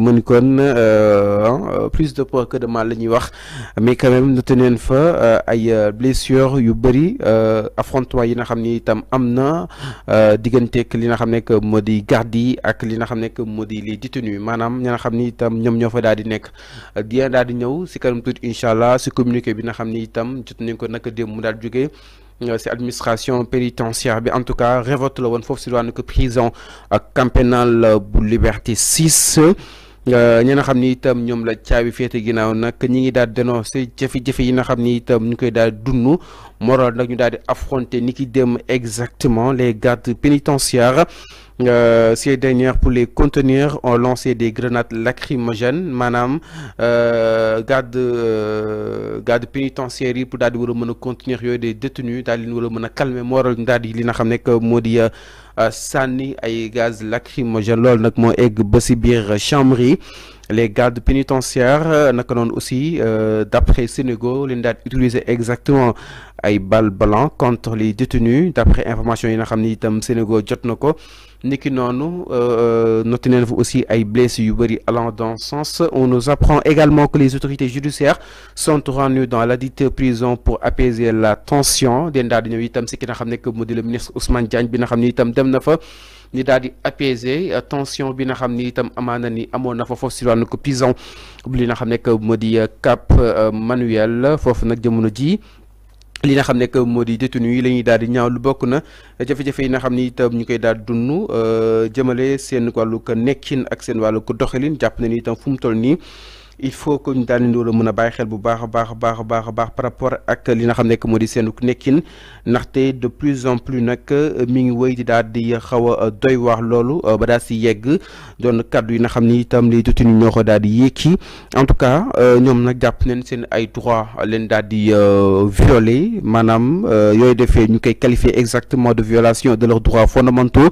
mu kon euh, hein, plus de poids que de mal la ñuy wax mais quand même noté neen fa euh, ay euh, blessures yu bëri affrontement yi nga xam ni itam am na li nga xam ne que moo di garde yi ak li nga xam que moo les détenus manam ñi nga tam ni itam ñoom ñoo fa daal di nekk di daal di ñëw si kanam tuuti incha allah si communiqué bi nga xam ni itam jot nañ ko naka démb mu daal jógee. administration pénitentiaire bi en tout cas révolte la bonne foofu si que prison ak camp pénal bu Liberté 6 ñi nga xam itam ñom la caabi féete ginaaw nak ñi ngi daal dénoncé jafe-jafe yi nga xamni itam ñu koy daal dunu moral nak ñu daal di affronter niki dem exactement les gardes pénitentiaires euh, ces dernières, pour les contenir, ont lancé des grenades lacrymogènes Madame, euh, garde euh, garde pénitentiaire pour daal di contenir des détenus daal di calmer moo waral ñu daal di li euh, ay gaz lacrymogène loolu nak mo egg ba ci bir chambre les gardes pénitentiaires nak non aussi d'après Sénégal li utiliser exactement ay bal blanc contre les détenus d'après information yi nga xam Tam itam Sénégal jot na niki noonu euh, euh, noté nañ vous aussi ay blessés yu bëri allant dans ce sens on nous apprend également que les autorités judiciaires sont rendues dans la ladite prison pour apaiser la tension den daal di ñëw itam ci ki nga que moo le ministre Ousmane Diagne bi nga xamni itam dem na ni daal di apaiser euh, tension bi nga xamni itam amana ni amoon na fa foofu ci ko prison li nga xamné que Cap Manuel foofu nak jamono ji li nga xam ne que moo di détenu yi la ñuy daal di ñaaw lu bokk na jafe-jafe yi nga xam ni itam ñu koy daal dund euh, jëmale seen wàllu nekkin ak seen wàllu doxalin jàpp na ni itam fu mu toll nii. il faut que nous daal le mën a xel bu baax a baax a baax baax baax par rapport ak li nga xam nekk modi di nekkine nekkin de plus en plus nak euh, mi ngi wéy di daal di xawa euh, doy wax lolu euh, ba da ci yegg don kàddu yi nga xamni tam li tuuti ñoo ko daal di yéeki en tout cas ñom nak japp nañ seen ay droit len daal di violer manam yoy defee ñu koy qualifier exactement de violation de leurs droits fondamentaux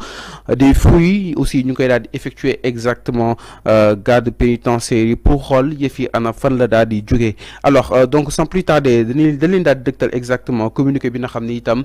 des fruits aussi ñu koy daal di effectuer exactement garde pénitentiaire pour rôle yëf yi ana fan la daal di jógee alors euh, donc sans plus tarder dañuy dañ leen daal di exactement communiquer bi nga xamni itam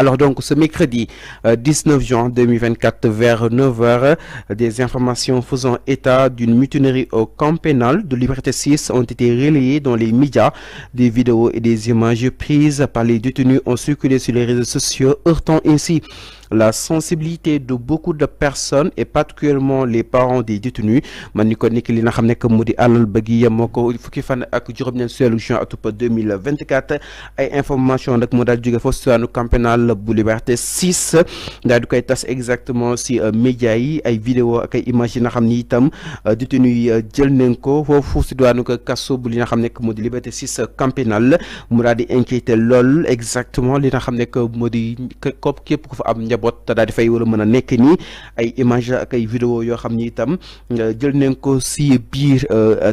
Alors donc ce mercredi 19 euh, juin 2024 vers 9h, des informations faisant état d'une mutinerie au camp pénal de Liberté 6 ont été relayées dans les médias. Des vidéos et des images prises par les détenus ont circulé sur les réseaux sociaux, heurtant ainsi la sensibilité de beaucoup de personnes et particulièrement les parents des détenus man ni ko nekk li nga xam nekk mu di il faut ko fukki fan ak à ñeent seelu 2024 ay information nak mo dal jóge fo suwaanu camp bu liberté 6 dal du koy exactement si euh, média yi ay vidéo ak ay image yi nga xam itam euh, détenu yi euh, jël nañ ko foofu si que ko kaso bu li nga xam nekk liberté 6 camp pénal mu inquiéter di exactement li nga xam que moo cop képp ko fa am njaboot daal fay war a mën a nekk nii ay image ak ay vidéo yoo xam ni itam euh, jël nañ ko si biir euh,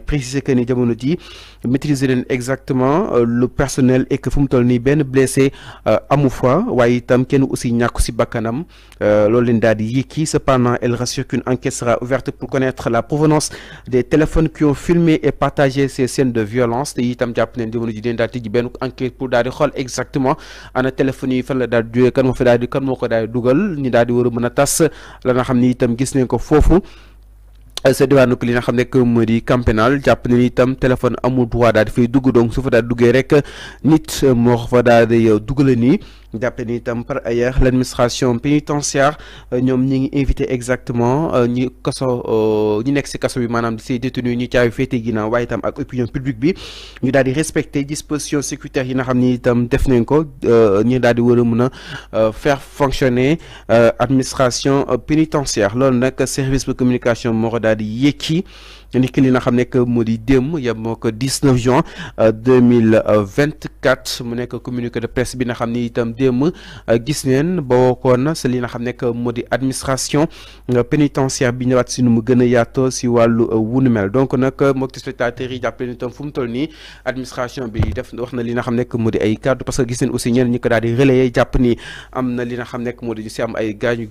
di préciser que ni jamono ji maîtriser leen exactement euh, le personnel et que fum mu ni nii blessé euh, amu fa waye tam nous aussi ñak ci bakanam euh, lolou leen daal di yiki cependant elle rassure qu'une enquête sera ouverte pour connaître la provenance des téléphones qui ont filmé et partagé ces scènes de violence et tam japp ne jamono ji leen ben enquête pour dal di xol exactement ana téléphone yi fa la dal du kan mo fa dal di kan moko dal dugal di mëna la nga xamni tam gis nañ ko fofu Euh, sa diwaanu li nga xam nekk moo di camp pénal jàpp nañu itam téléphone amul bu waa daal di fay dugg donc su fa daal duggee rek nit moo fa daal di euh, duggale nii d'après ni par ailleurs l'administration pénitentiaire n'y euh, ñi ngi invité exactement euh, ñi kaso euh, ñi nekk si kaso bi maanaam di say détenu ñi caayu féete ginnaaw waaye ak opinion publique bi ñu respecter dispositions sécuritaires yi n'a xam ni itam def nañ ko faire fonctionner administration pénitentiaire loolu nag service de communication moo ko daal nit ki li nga xam nekk moo di démb yem ko 19 juin 2024 euh, mu nekk communiqué de presse bi nga xam ni itam démb euh, gis neen ba wookoon si li nga xam administration euh, pénitentiaire bi ñëwaat si nu mu gën a yaatoo si wàllu wunu mel donc nag mbokki spectateurs yi jàppale ni itam fu mu toll administration bi def wax na li nga xam nekk ay kàddu parce que gis aussi n'y ñi ko daal di relayer jàpp ni am na li nga xam nekk moo am ay gaañu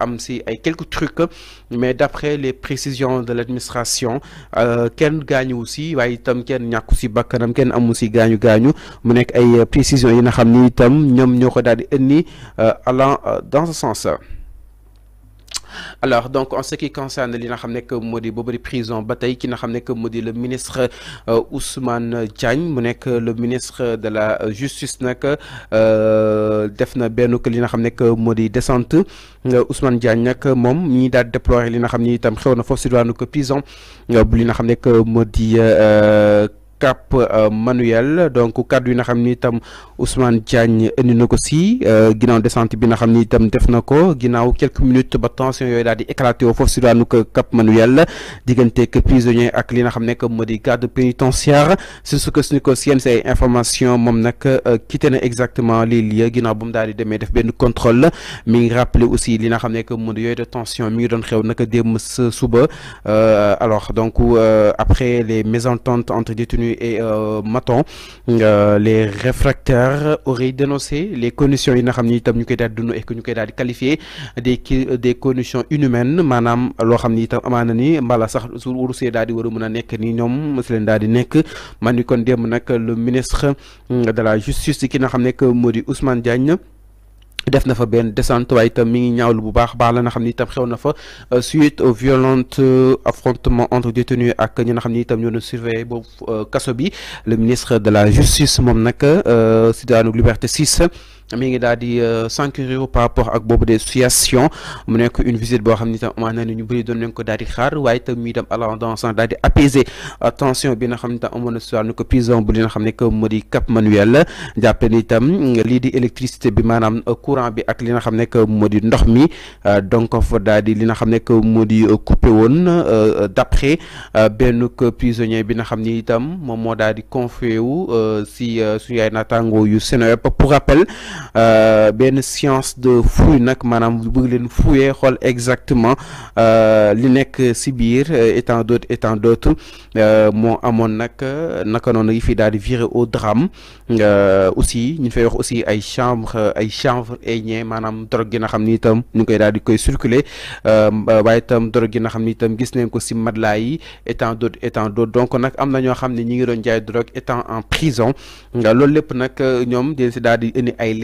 am ay quelques trucs mais d'après les précisions de l'administration administration euh, kenn gañu aussi waaye tam kenn ñàkku si bakkanam kenn amu si gañu gañu mu nek ay précision yi nga xamni ni ñom ñoko daldi euh, allant euh, dans ce sens alors donc en ce qui concerne li nga xam nekk moo de prison batay qui ki nga xam nekk le ministre euh, Ousmane Diagne mu nek le ministre de la justice nag euh, def na benn li nga xam nekk descente euh, Ousmane Diagne nak mom ñi da déplorer li nga xam ni itam xew na foofu si ko prison bu li nga xam nekk moo Cap euh, Manuel donc cadre nga xam ni itam Ousmane Diagne indi na si si euh, ginnaaw descente bi nga xamni tam def na ginaaw quelques minutes ba tension yoy daal di éclaté sur foofu si Cap Manuel diggante que prisonnier ak li nga xamné nekk modi di garde pénitentiaire suñ ce que ce ko si yenn information mom nak euh, quitter exactement les lieux ginaaw bum mu daal di demee def ben contrôle mi rappeler aussi li nga xamné nekk modi yoy de tension mi don doon xew naka démb sa suba alors donc après les mésententes entre détenus et euh, Maton euh, les réfractaires auraient dénoncé les conditions yi n'a itam et que nous koy daal des des conditions inhumaines madame loo xam ni itam amaana ni mbala sax su rusee daal di ni non c'est daal di nekk man le ministre mm, de la justice qui n'a ramené que maudit Ousmane Diagne def na fa descente way tam mi ngi ñaawlu bu baax baax la nga xamni tam xew na fa euh, suite au violent euh, affrontement entre détenus ak ñi nga xam ni itam surveiller bo euh, kasso bi le ministre de la justice mom nak euh daanu liberté 6 mi ngi daal euh, s'enquérir par rapport ak bobu des situations mu nek une visite bo xamni tam amoon ñu bëri doon nañ ko daal xaar waaye mi tam allant dans sens apaiser tension bi nga xamni tam amoon na ñu ko prison bu li nga xam ne Cap Manuel jàpp ni itam di électricité bi manam courant bi ak li nga xamni ko modi ndox mi euh, donc fa daal li nga xamni ko modi couper euh, won coupé ben d'après benn prisonnier bi nga xamni tam mom mo moo daal wu si suñu ay naataango yu Seneweb pour rappel ben science de fouille nak manam bëgg len fouyé xool exactement euh li nek si biir et euh, tant d'autres et tant d'autres euh, moo amoon nag naka noonu yi fi daal di virer au drame euh aussi ñu fay wax aussi ay chambre ay chambre et ñee manam drogue gi nga xam ni itam ñu koy daal di koy circuler euh way itam drogue gi nga xam ni itam gis nañ ko ci matelas yi et tant d'autres et d'autres donc nak am na ñoo xam ñi ngi doon jaay drogue étant en prison loolu lépp nag ñoom dinañ si daal di indi ay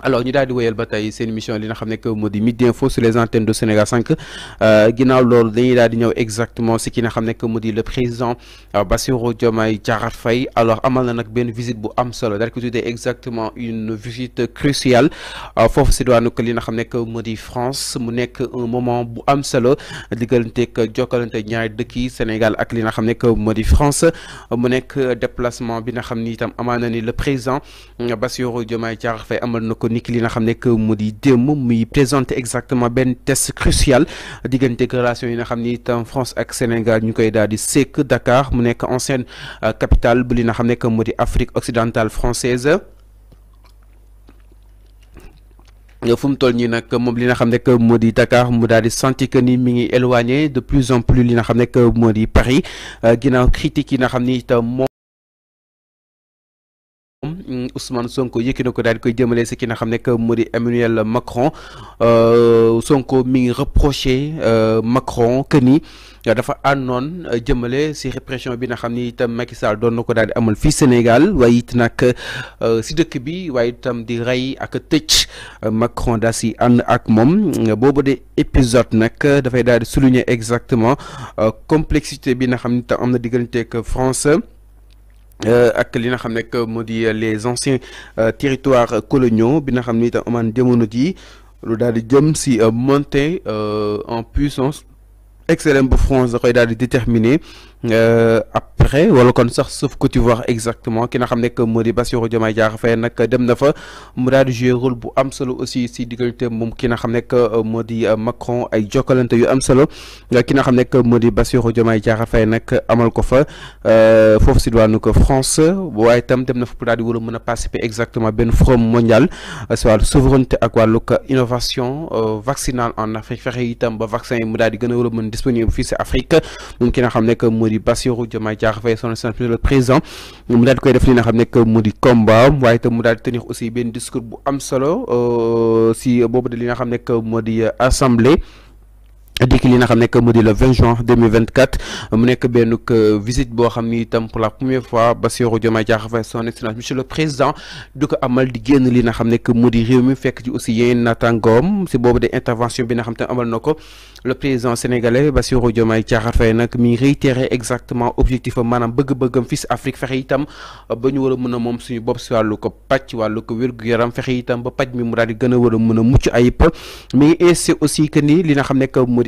alors ñu daal di wëyel ba tey seen mission li nga xamné que Modi. midi info sur les antennes de Sénégal 5 euh, ginaaw lool dañuy daal di ñëw exactement Ce qui nga xamné que Modi. le président euh, Bassirou Diomaye Diakhar Faye alors amal na nak ben visite bu am solo daal ko tuddee exactement une visite cruciale euh, fofu si doon li nga xamné que modi France mu nekk un moment bu am solo digganteeg jokkalante ñaari dëkk yi Sénégal ak li nga xamné que modi France mu nekk déplacement bi nga xamni ni itam amaa na ni le président Bassirou Diomaye Diakhar Faye amal na ko ni niki li nga xamné que muy exactement ben test crucial diggante relation yi nga xamni France ak Sénégal ñu koy daal di Dakar mu nekk ancienne euh, capitale bu li nga xamné que Afrique occidentale française le mu toll ni nak mom li nga xamné que Dakar mu senti que ni mi ngi éloigné de plus en plus li nga xamné que Paris euh, ginnaaw critique yi nga xamni Ousmane Sonko yëkki ko koy Emmanuel Macron euh, Sonko mi ngi reproché euh, Macron que ni dafa euh, si répression bi nga xamni Macky Sall Sénégal it bi ak Macron dassi ak mom de épisode nag souligner exactement complexité bi nga xamni France. Euh, ak li nga xam euh, les anciens euh, territoires coloniaux bi nga xam ni tam amaan jamono jii lu daal di jëm si en puissance extrême bu France da koy di déterminer après wala kon sax sauf que tu vois exactement ki n'a ramené que moo di Bassirou Diomaye Diakhar Faye nag dem na fa mu daal jouer bu am solo aussi si diggante moom ki nga xam que euh, maudit euh, Macron ay jokkalante yu am solo euh, ki nga xam que moo di Bassirou Diomaye Diakhar Faye nag amal ko fa fofu si ko France ou tam dem na fa pour daal di wala pas participer exactement ben forum mondial soit souveraineté souveraineté ak wàllu innovation vaccinale en Afrique féré itam ba vaccin mu daal di gën disponible fi ci Afrique moom ki nga xam que moo Bassirou taxawee son plus le président mu daal di koy def li nga xam nekk mu combat waaye te mu dal tenir aussi ben discours bu am solo euh si bobu de li nga xam que modi euh, assemblée dikki li nga xam que modi le 20 juin 2024 mu nekk benn euh, visite bo xamni tam pour la première fois Bassirou Diomaye Diakhar Faye son excellence monsieur le président du amal di genn li nga xam que modi di réew mi fekk ci aussi yeneen natangom si bobu de intervention bi nga xam amal noko le président sénégalais Bassirou Diomaye Diakhar Faye nak mi réitéré exactement objectif manam bëgg bëggum fils Afrique fexé itam ba ñu war a mën suñu bopp ci walu ko patch walu ko wér yaram fexé itam ba patch mi mu c'est di gëna a mëna a mi aussi que ni li nga xam que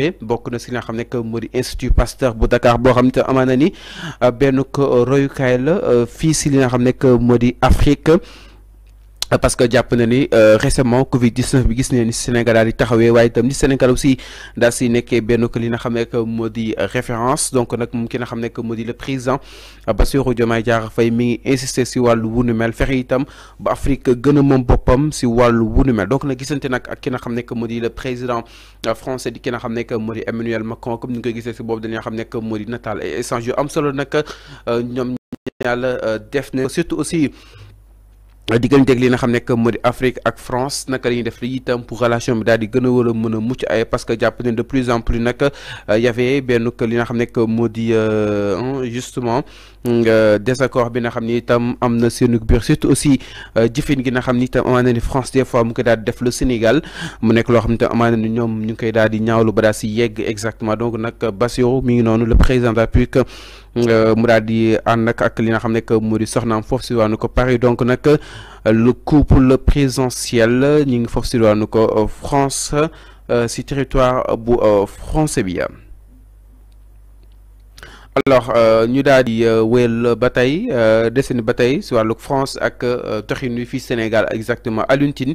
créé bokk na si que Pasteur bu Dakar Benouk ni euh, euh, Afrique parce que jàpp na ni euh, récemment Covid 19 bi gis nañu ni Sénégal di taxawé waaye tam ni Sénégal aussi daal si nekkee benn que li nga xam ko modi référence donc nak moom ki nga xamné que le président Bassirou Diomaye Diakhar fay mi ngi insister ci walu wunu mel fexe itam ba Afrique gën mom bopam ci walu wunu mel donc nak gisenté nak ak ki nga xamné que moo le président français di ki nga xamné ne que moo Emmanuel Macron comme ni ñu koy gisee si boobu dañoo xam ne que moo di échange yu am solo nak ñom yàlla def surtout aussi ak li nga xamné que modi Afrique ak France naka la def li pour relation bi daal di gën a mucc ay parce que japp de plus en plus nak euh, y avait benn li nga xamné que modi, euh, justement désaccord bi bien xam tam amna am na surtout aussi euh, jëfin gi nga xamni tam amana ni France des fois mu ko daal def le Sénégal mu nek lo xamni ne itam ni ñom ñu koy daal di ñaawlu ba yegg exactement donc nak Bassirou mi ngi noonu le président de la République euh, mu daal di and nag ak li nga xam que mu di soxnaam foofu ko Paris donc nak euh, le couple présidentiel ñu ngi foofu si waanu ko France si territoire bu français bi alors nous avons eu une bataille, sur la France ak euh, toxin wi Sénégal exactement à l'Untine.